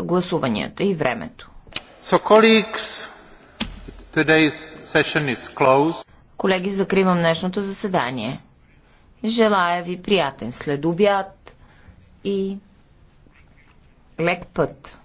гласуванията и времето. So, Колеги, закривам днешното заседание. Желая ви приятен следобяд и лек път.